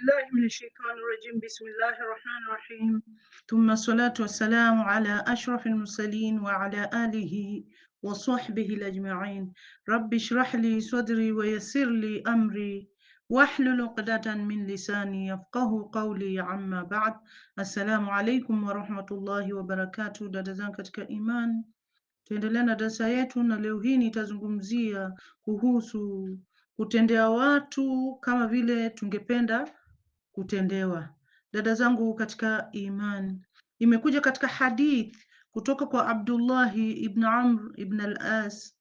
billahi minashaitanir rajim bismillahir rahmanir rahim thumma salatu wassalamu ala ashrafil mursalin wa ala alihi wa sahbihi ajma'in rabbi shrah li sadri wa yassir li amri wahlul uqdatan min lisani yafqahu qawli amma ba'd assalamu alaikum wa rahmatullahi wa barakatuh dada zangu katika iman tuendelea na darasa yetu na leo hii nitazungumzia kuhusu kutendea watu kama vile tungependa kutendewa. Dada zangu katika imani, imekuja katika hadith kutoka kwa Abdullahi ibn Amr ibn al-As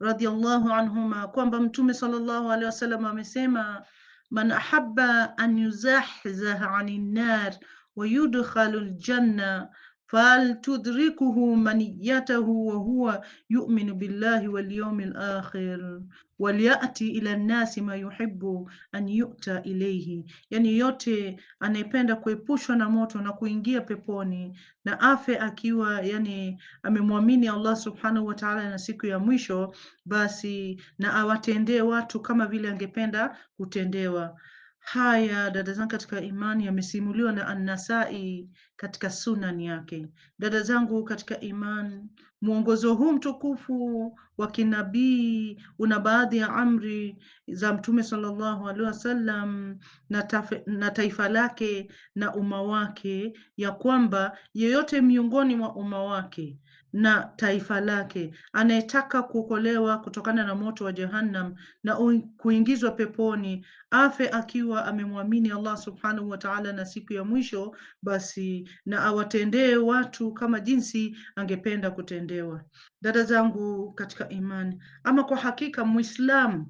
radhiyallahu anhuma kwamba Mtume sallallahu alaihi wasallam amesema, man ahabba an yuzahzah anin nar wa yudkhalul janna faltudrikuhu maniyatahu wahuwa yuminu billahi walyaumi lakhir walyati ila nnasi ma yuhibu an yuta ilayhi, yani yote anayependa kuepushwa na moto na kuingia peponi na afe akiwa yani amemwamini Allah subhanahu wa ta'ala na siku ya mwisho, basi na awatendee watu kama vile angependa kutendewa. Haya dada zangu katika imani yamesimuliwa na anasai katika sunan yake. Dada zangu katika imani, mwongozo huu mtukufu wa kinabii una baadhi ya amri za Mtume sallallahu alaihi wasallam na, na taifa lake na umma wake, ya kwamba yeyote miongoni mwa umma wake na taifa lake, anayetaka kuokolewa kutokana na moto wa Jahannam na kuingizwa peponi, afe akiwa amemwamini Allah subhanahu wa ta'ala na siku ya mwisho, basi na awatendee watu kama jinsi angependa kutendewa. Dada zangu katika imani, ama kwa hakika Muislamu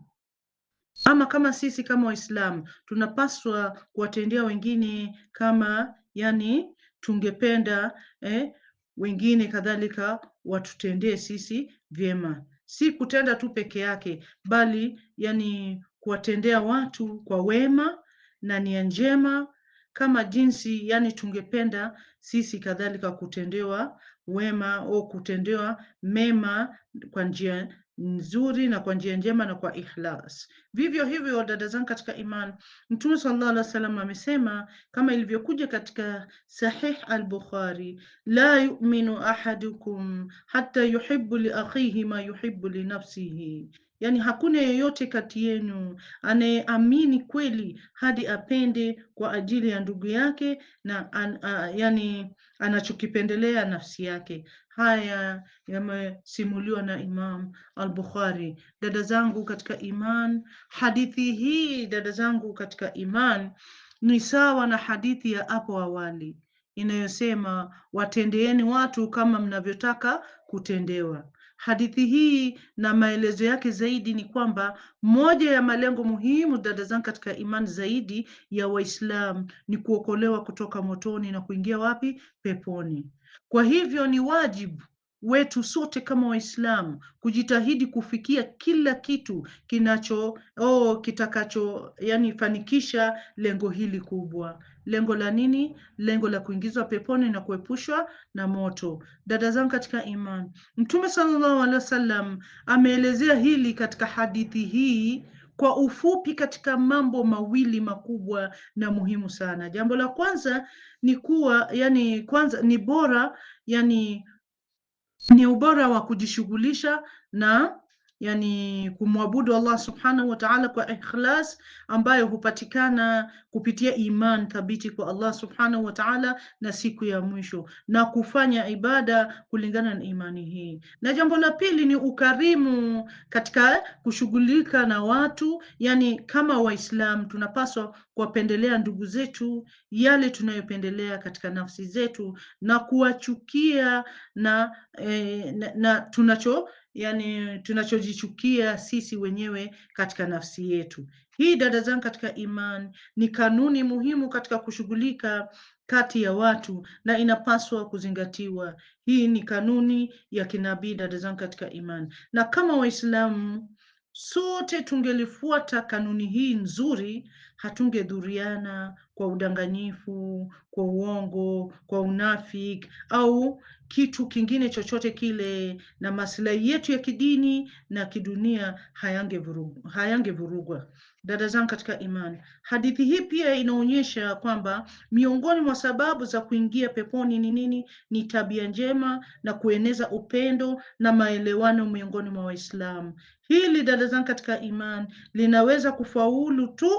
ama kama sisi kama Waislamu tunapaswa kuwatendea wengine kama yani tungependa eh, wengine kadhalika watutendee sisi vyema, si kutenda tu peke yake, bali yani kuwatendea watu kwa wema na nia njema, kama jinsi yani tungependa sisi kadhalika kutendewa wema au kutendewa mema kwa njia nzuri na kwa njia njema na kwa ikhlas. Vivyo hivyo dada zangu katika iman, Mtume sallallahu alaihi wasallam amesema kama ilivyokuja katika Sahih al-Bukhari, la yu'minu ahadukum hatta yuhibbu li akhihi ma yuhibbu li nafsihi Yaani hakuna yeyote kati yenu anayeamini kweli hadi apende kwa ajili ya ndugu yake na an, a, yani anachokipendelea nafsi yake. Haya yamesimuliwa na Imam al-Bukhari. Dada zangu katika iman, hadithi hii dada zangu katika iman ni sawa na hadithi ya hapo awali inayosema watendeeni watu kama mnavyotaka kutendewa. Hadithi hii na maelezo yake zaidi ni kwamba moja ya malengo muhimu, dada zangu, katika imani zaidi ya Waislamu ni kuokolewa kutoka motoni na kuingia wapi? Peponi. Kwa hivyo ni wajibu wetu sote kama Waislamu kujitahidi kufikia kila kitu kinacho oh, kitakacho yani fanikisha lengo hili kubwa. Lengo la nini? Lengo la kuingizwa peponi na kuepushwa na moto. Dada zangu katika iman Mtume sallallahu alaihi wasallam ameelezea hili katika hadithi hii kwa ufupi katika mambo mawili makubwa na muhimu sana. Jambo la kwanza ni kuwa yani, kwanza ni bora yani ni ubora wa kujishughulisha na yani kumwabudu Allah subhanahu wa ta'ala kwa ikhlas ambayo hupatikana kupitia iman thabiti kwa Allah subhanahu wa ta'ala na siku ya mwisho na kufanya ibada kulingana na imani hii. Na jambo la pili ni ukarimu katika kushughulika na watu, yani kama Waislamu tunapaswa kuwapendelea ndugu zetu yale tunayopendelea katika nafsi zetu na kuwachukia na, eh, na, na tunacho yani tunachojichukia sisi wenyewe katika nafsi yetu. Hii dada zangu katika iman ni kanuni muhimu katika kushughulika kati ya watu na inapaswa kuzingatiwa. Hii ni kanuni ya kinabii dada zangu katika iman na kama Waislamu sote tungelifuata kanuni hii nzuri hatungedhuriana kwa udanganyifu, kwa uongo, kwa unafiki au kitu kingine chochote kile, na maslahi yetu ya kidini na kidunia hayangevurugwa, Dada zangu katika imani, hadithi hii pia inaonyesha kwamba miongoni mwa sababu za kuingia peponi ni nini? Ni tabia njema na kueneza upendo na maelewano miongoni mwa Waislamu. Hili dada zangu katika imani linaweza kufaulu tu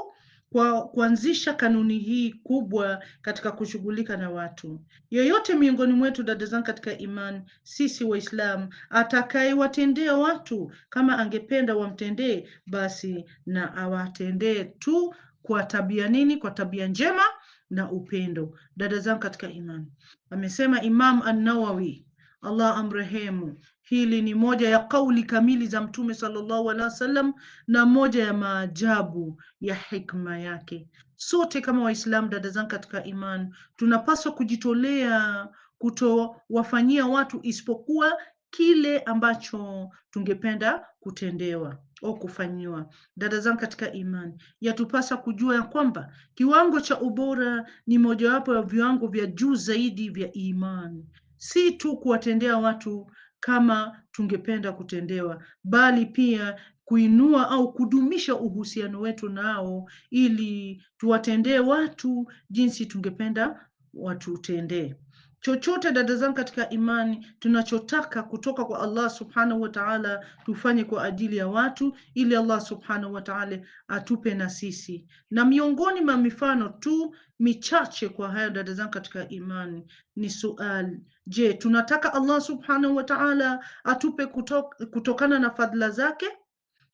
kwa kuanzisha kanuni hii kubwa katika kushughulika na watu. Yoyote miongoni mwetu, dada zangu katika imani, sisi Waislamu, atakayewatendea watu kama angependa wamtendee, basi na awatendee tu kwa tabia nini? Kwa tabia njema na upendo. Dada zangu katika imani, amesema Imam An-Nawawi, Allah amrehemu, Hili ni moja ya kauli kamili za Mtume sallallahu alaihi wasallam na moja ya maajabu ya hikma yake. Sote kama Waislamu, dada zangu katika iman, tunapaswa kujitolea kutowafanyia watu isipokuwa kile ambacho tungependa kutendewa au kufanyiwa. Dada zangu katika imani, yatupasa kujua ya kwamba kiwango cha ubora ni mojawapo ya viwango vya juu zaidi vya imani, si tu kuwatendea watu kama tungependa kutendewa, bali pia kuinua au kudumisha uhusiano wetu nao ili tuwatendee watu jinsi tungependa watutendee chochote dada zangu katika imani, tunachotaka kutoka kwa Allah subhanahu wa ta'ala tufanye kwa ajili ya watu, ili Allah subhanahu wa ta'ala atupe na sisi. Na miongoni mwa mifano tu michache kwa hayo dada zangu katika imani ni suali. Je, tunataka Allah subhanahu wa ta'ala atupe kutok, kutokana na fadhila zake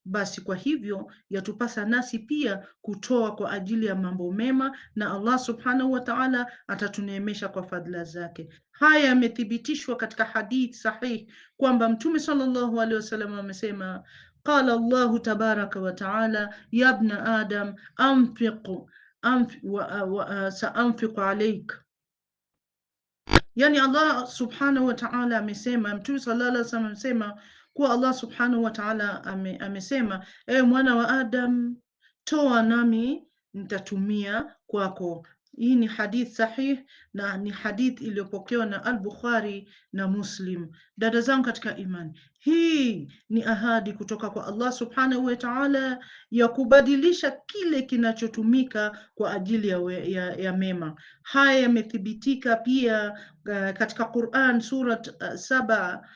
basi kwa hivyo yatupasa nasi pia kutoa kwa ajili ya mambo mema, na Allah subhanahu wa ta'ala atatuneemesha kwa fadhila zake. Haya yamethibitishwa katika hadith sahih kwamba Mtume sallallahu alaihi wasallam amesema, qala Allahu tabaraka wa ta'ala, ya bna adam anfiq anf, wa, wa, saanfiq alaik Yani Allah subhanahu wa ta'ala amesema, Mtume sallallahu alaihi wasallam amesema kuwa Allah subhanahu wa ta'ala ame, amesema e, mwana wa Adam, toa nami nitatumia kwako. Hii ni hadith sahih na ni hadith iliyopokewa na al-Bukhari na Muslim. Dada zangu katika imani, hii ni ahadi kutoka kwa Allah subhanahu wa ta'ala ya kubadilisha kile kinachotumika kwa ajili ya, we, ya, ya mema. Haya yamethibitika pia uh, katika Quran surat uh, saba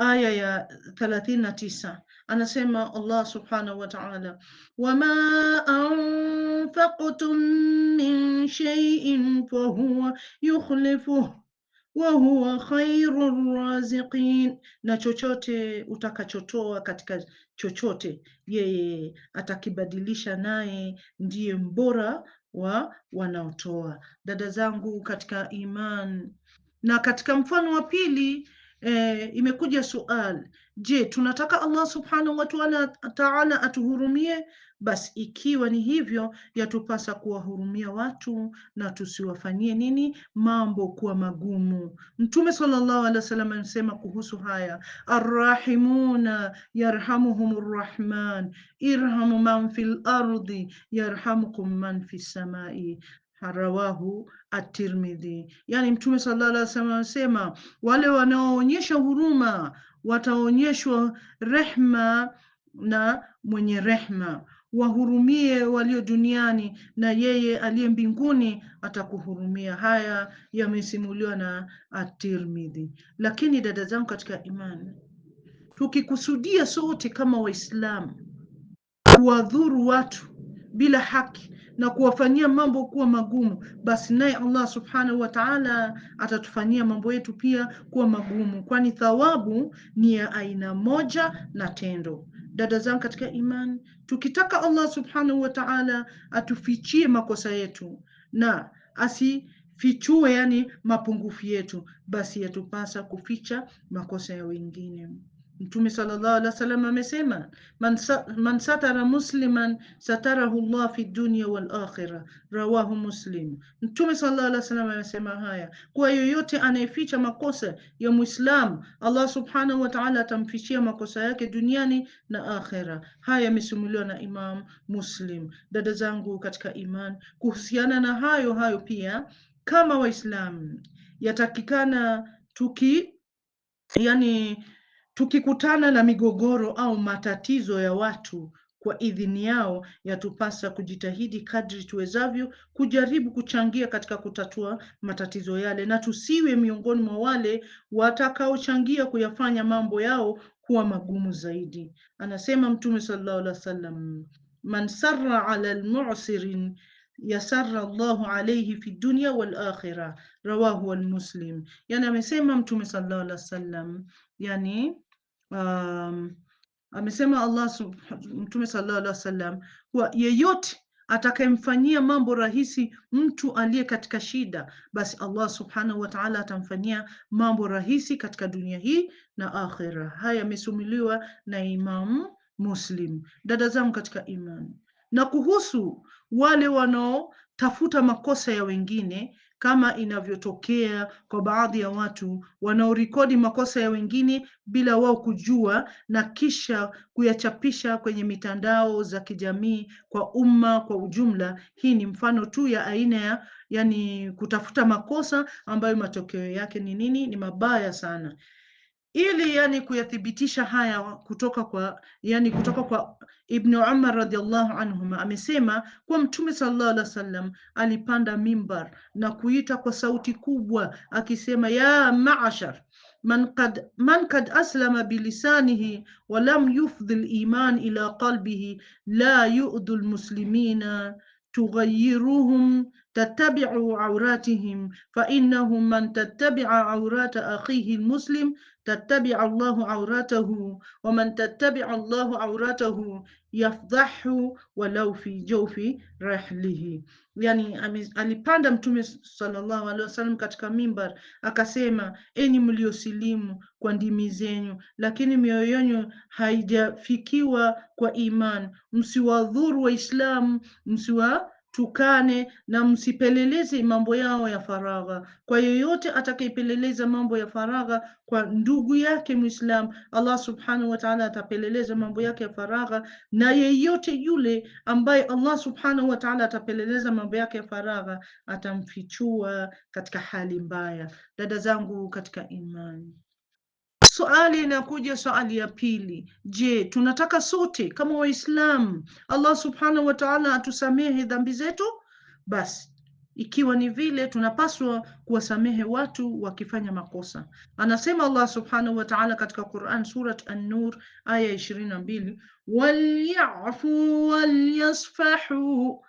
aya ya thelathini na tisa anasema Allah subhanahu wa ta'ala, wama anfaqtum min shay'in fahuwa yukhlifuh wa huwa khairur raziqin, na chochote utakachotoa katika chochote, yeye atakibadilisha, naye ndiye mbora wa wanaotoa. Dada zangu katika iman, na katika mfano wa pili e, imekuja sual, je, tunataka Allah subhanahu wa ta'ala atuhurumie? Basi ikiwa ni hivyo, yatupasa kuwahurumia watu na tusiwafanyie nini mambo kuwa magumu. Mtume sallallahu alaihi wasallam anasema kuhusu haya, arrahimuna yarhamuhumur rahman irhamu man fil ardi yarhamukum man fis samai, rawahu atirmidhi Yani Mtume sallallahu alaihi wasallam anasema wale wanaoonyesha huruma wataonyeshwa rehma na mwenye rehma, wahurumie walio duniani na yeye aliye mbinguni atakuhurumia. Haya yamesimuliwa na atirmidhi Lakini dada zangu katika imani, tukikusudia sote kama Waislamu kuwadhuru watu bila haki na kuwafanyia mambo kuwa magumu, basi naye Allah subhanahu wa ta'ala atatufanyia mambo yetu pia kuwa magumu, kwani thawabu ni ya aina moja na tendo. Dada zangu katika imani, tukitaka Allah subhanahu wa ta'ala atufichie makosa yetu na asifichue yani mapungufu yetu, basi yatupasa kuficha makosa ya wengine. Mtume sallallahu alaihi wasallam amesema man, sa, man satara musliman satarahu llah fi dunya wal akhirah, rawahu Muslim. Mtume sallallahu alaihi wasallam amesema haya kuwa yoyote anayeficha makosa ya Muislam, Allah subhanahu wa ta'ala atamfichia makosa yake duniani na akhira Haya yamesimuliwa na Imam Muslim. Dada zangu katika iman, kuhusiana na hayo hayo pia kama waislam yatakikana tuki yani Tukikutana na migogoro au matatizo ya watu kwa idhini yao, yatupasa kujitahidi kadri tuwezavyo kujaribu kuchangia katika kutatua matatizo yale, na tusiwe miongoni mwa wale watakaochangia kuyafanya mambo yao kuwa magumu zaidi. Anasema Mtume sallallahu alaihi wasallam, man sarra ala lmusirin yasara Allahu alayhi fi dunya wal akhirah, rawahu al Muslim. Yani amesema Mtume sallallahu alaihi wasallam yani um, amesema Allah Mtume sallallahu alaihi wasallam kuwa yeyote atakayemfanyia mambo rahisi mtu aliye katika shida, basi Allah subhanahu wa ta'ala atamfanyia mambo rahisi katika dunia hii na akhira. Haya yamesumuliwa na Imam Muslim. Dada zangu katika imani, na kuhusu wale wanaotafuta makosa ya wengine kama inavyotokea kwa baadhi ya watu wanaorekodi makosa ya wengine bila wao kujua na kisha kuyachapisha kwenye mitandao za kijamii kwa umma kwa ujumla. Hii ni mfano tu ya aina ya yani, kutafuta makosa ambayo matokeo yake ni nini? Ni mabaya sana ili yani kuyathibitisha haya kutoka kwa yani kutoka kwa Ibn Umar radhiallahu anhuma amesema kuwa Mtume sallallahu alaihi wasallam alipanda mimbar na kuita kwa sauti kubwa akisema, ya maashar man kad, man kad aslama bilisanihi wa lam yufdhi liman ila qalbihi la yu'dhu lmuslimina tughayiruhum tattabiu auratihim fainahum man tattabia aurata akhihi lmuslim tattabia llahu auratahu waman tattabia llahu auratahu yafdahu walau fi jawfi rahlihi. Yani alipanda Mtume sallallahu alaihi wasallam katika mimbar akasema, enyi mliosilimu kwa ndimi zenyu, lakini mioyo yenyu haijafikiwa kwa iman, msiwadhuru Waislamu msiwa tukane na msipeleleze mambo yao ya faragha. Kwa yoyote atakayepeleleza mambo ya faragha kwa ndugu yake Muislam, Allah subhanahu wa ta'ala atapeleleza mambo yake ya faragha, na yeyote yule ambaye Allah subhanahu wa ta'ala atapeleleza mambo yake ya faragha atamfichua katika hali mbaya. Dada zangu katika imani Suali inakuja, suali ya pili. Je, tunataka sote kama Waislamu Allah subhanahu wa ta'ala atusamehe dhambi zetu? Basi ikiwa ni vile, tunapaswa kuwasamehe watu wakifanya makosa. Anasema Allah subhanahu wa ta'ala katika Quran Surat An-Nur aya ishirini na mbili, walyafu walyasfahu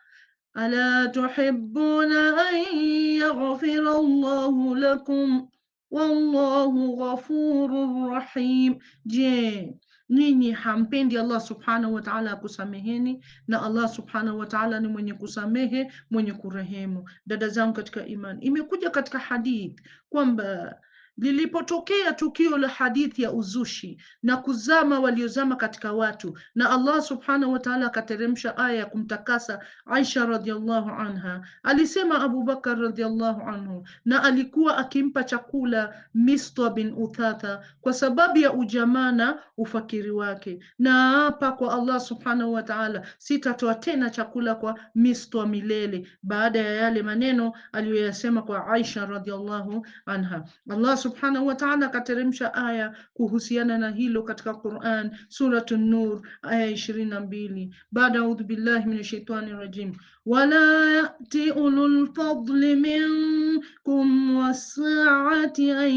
ala tuhibbuna an yaghfira Allahu lakum wallahu ghafurur rahim. Je, ninyi hampendi Allah subhanahu wa ta'ala akusameheni? Na Allah subhanahu wa ta'ala ni mwenye kusamehe mwenye kurehemu. Dada zangu katika imani, imekuja katika hadith kwamba lilipotokea tukio la hadithi ya uzushi na kuzama waliozama katika watu, na Allah subhanahu wa ta'ala akateremsha aya ya kumtakasa Aisha radhiallahu anha. Alisema Abu Bakar radhiallahu anhu, na alikuwa akimpa chakula Mistwa bin Uthatha kwa sababu ya ujamaa na ufakiri wake, na apa kwa Allah subhanahu wa ta'ala, sitatoa tena chakula kwa Mistwa milele, baada ya yale maneno aliyoyasema kwa Aisha radhiallahu anha. Allah subhanahu wa ta'ala akateremsha aya kuhusiana na hilo katika Quran Suratu Nur aya ishirini na mbili baada audhu billahi min shaitani rajim wala yati ulul fadli minkum wassaati an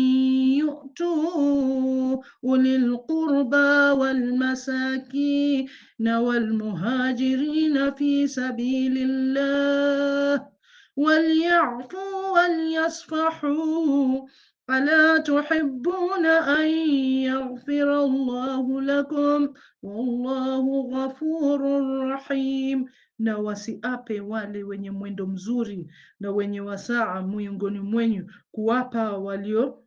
yutu ulil qurba والمساكين والمهاجرين في سبيل الله وليعفوا وليصفحوا ألا تحبون أن يغفر الله لكم والله غفور rahim. Na wasiape wale wenye mwendo mzuri na wenye wasaa miongoni mwenyu kuwapa walio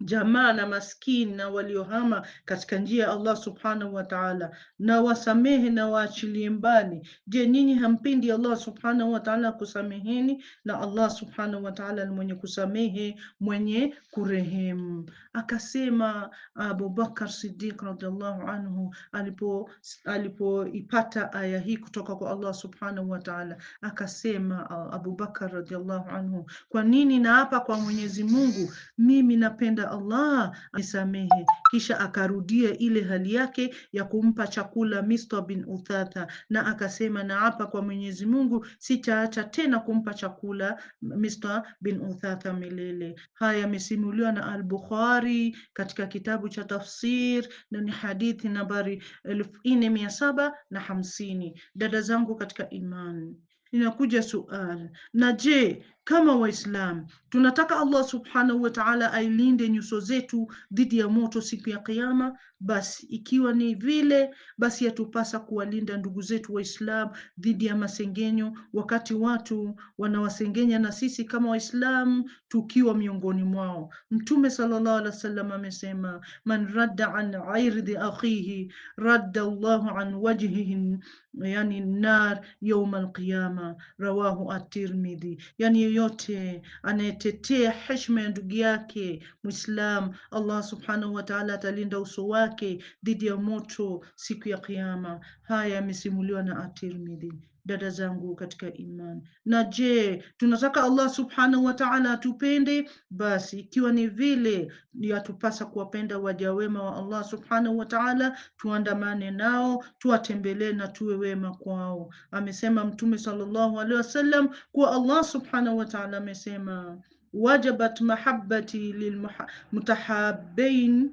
jamaa na maskini na waliohama katika njia ya Allah subhanahu wa taala, na wasamehe na waachilie mbali. Je, nyinyi hampindi Allah subhanahu wa taala kusameheni? Na Allah subhanahu wa taala ni mwenye kusamehe mwenye kurehemu. Akasema ah, Abubakar Siddiq radhiallahu anhu alipo alipoipata aya hii kutoka kwa Allah subhanahu wa taala, akasema ah, Abubakar radhiallahu anhu, kwa nini naapa kwa Mwenyezi Mungu mimi napenda akipenda Allah aisamehe, kisha akarudia ile hali yake ya kumpa chakula Mistwa bin Uthatha, na akasema naapa kwa Mwenyezi Mungu sitaacha tena kumpa chakula Mistwa bin Uthatha milele. Haya yamesimuliwa na Al-Bukhari katika kitabu cha tafsir na ni hadithi nambari elfu nne mia saba na hamsini. Dada zangu katika imani inakuja suali, na je, kama waislam tunataka Allah subhanahu wa ta'ala ailinde nyuso zetu dhidi ya moto siku ya Kiyama, basi ikiwa ni vile, basi yatupasa kuwalinda ndugu zetu waislam dhidi ya masengenyo, wakati watu wanawasengenya na sisi kama waislam tukiwa miongoni mwao. Mtume sallallahu alaihi wasallam amesema, man radda an irdhi akhihi radda Allahu an wajhihi yani nar yawm alqiyama mema, rawahu at-Tirmidhi. Yani yeyote anayetetea heshima ya ndugu yake Muislam, Allah subhanahu wa ta'ala atalinda uso wake dhidi ya moto siku ya Kiyama. Haya yamesimuliwa na at-Tirmidhi dada zangu katika iman Na je, tunataka Allah subhanahu wa ta'ala atupende? Basi ikiwa ni vile, yatupasa kuwapenda waja wema wa Allah subhanahu wa ta'ala, tuandamane nao, tuwatembelee na tuwe wema kwao. Amesema Mtume sallallahu alaihi wasallam kuwa Allah subhanahu wa ta'ala amesema, wajabat mahabbati lilmutahabbain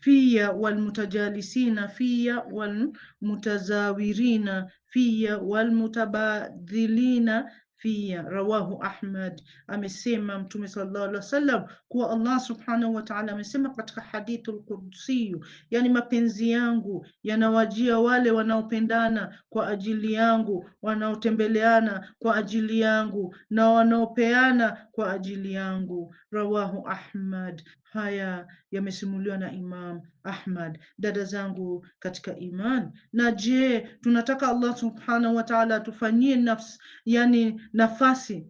fiya walmutajalisina fiya walmutazawirina fiya walmutabadhilina fiya rawahu Ahmad. Amesema Mtume sallallahu alaihi wasallam kuwa Allah subhanahu wa ta'ala amesema katika hadithul qudsi, yani mapenzi yangu yanawajia wale wanaopendana kwa ajili yangu, wanaotembeleana kwa ajili yangu, na wanaopeana kwa ajili yangu. Rawahu Ahmad haya yamesimuliwa na Imam Ahmad. Dada zangu katika iman, na je, tunataka Allah subhanahu wa ta'ala atufanyie nafsi, yani nafasi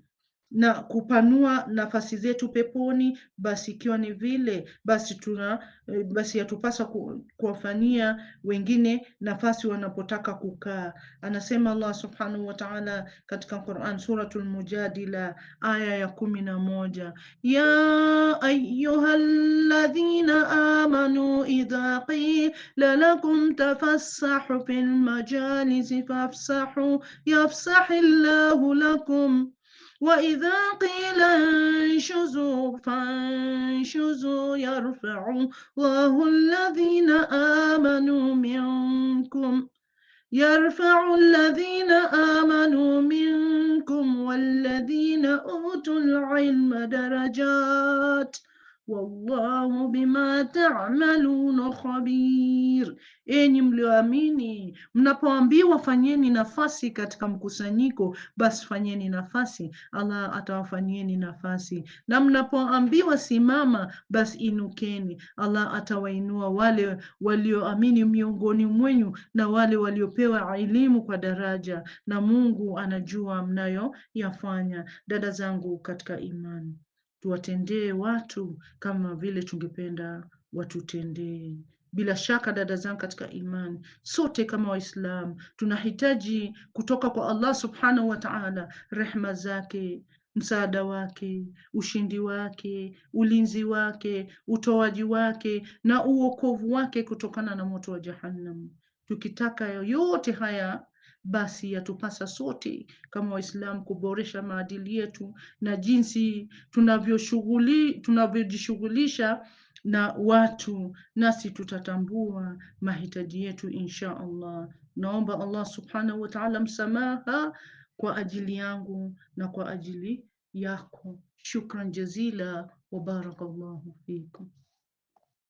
na kupanua nafasi zetu peponi, basi ikiwa ni vile basi tuna eh, basi yatupasa kuwafanyia wengine nafasi wanapotaka kukaa. Anasema Allah subhanahu wa ta'ala katika Quran Suratul Mujadila aya ya kumi na moja ya ayyuhalladhina amanu idha qila lakum tafassahu fil majalisi fafsahu yafsahillahu lakum وإذا قيل انشزوا فانشزوا يرفع الله الذين آمنوا منكم يرفع الذين آمنوا منكم والذين أوتوا العلم درجات ۖ Wallahu bima ta'maluna khabir, enyi mlioamini, mnapoambiwa fanyeni nafasi katika mkusanyiko, basi fanyeni nafasi, Allah atawafanyieni nafasi, na mnapoambiwa simama, basi inukeni, Allah atawainua wale walioamini miongoni mwenyu na wale waliopewa elimu kwa daraja, na Mungu anajua mnayoyafanya. Dada zangu katika imani tuwatendee watu kama vile tungependa watutendee. Bila shaka dada zangu katika imani, sote kama waislam tunahitaji kutoka kwa Allah subhanahu wa ta'ala rehma zake, msaada wake, ushindi wake, ulinzi wake, utoaji wake na uokovu wake kutokana na moto wa Jahannam. Tukitaka yote haya basi yatupasa sote kama Waislamu kuboresha maadili yetu na jinsi tunavyoshughuli tunavyojishughulisha na watu, nasi tutatambua mahitaji yetu insha Allah. Naomba Allah subhanahu wa ta'ala msamaha kwa ajili yangu na kwa ajili yako. Shukran jazila wa barakallahu fikum.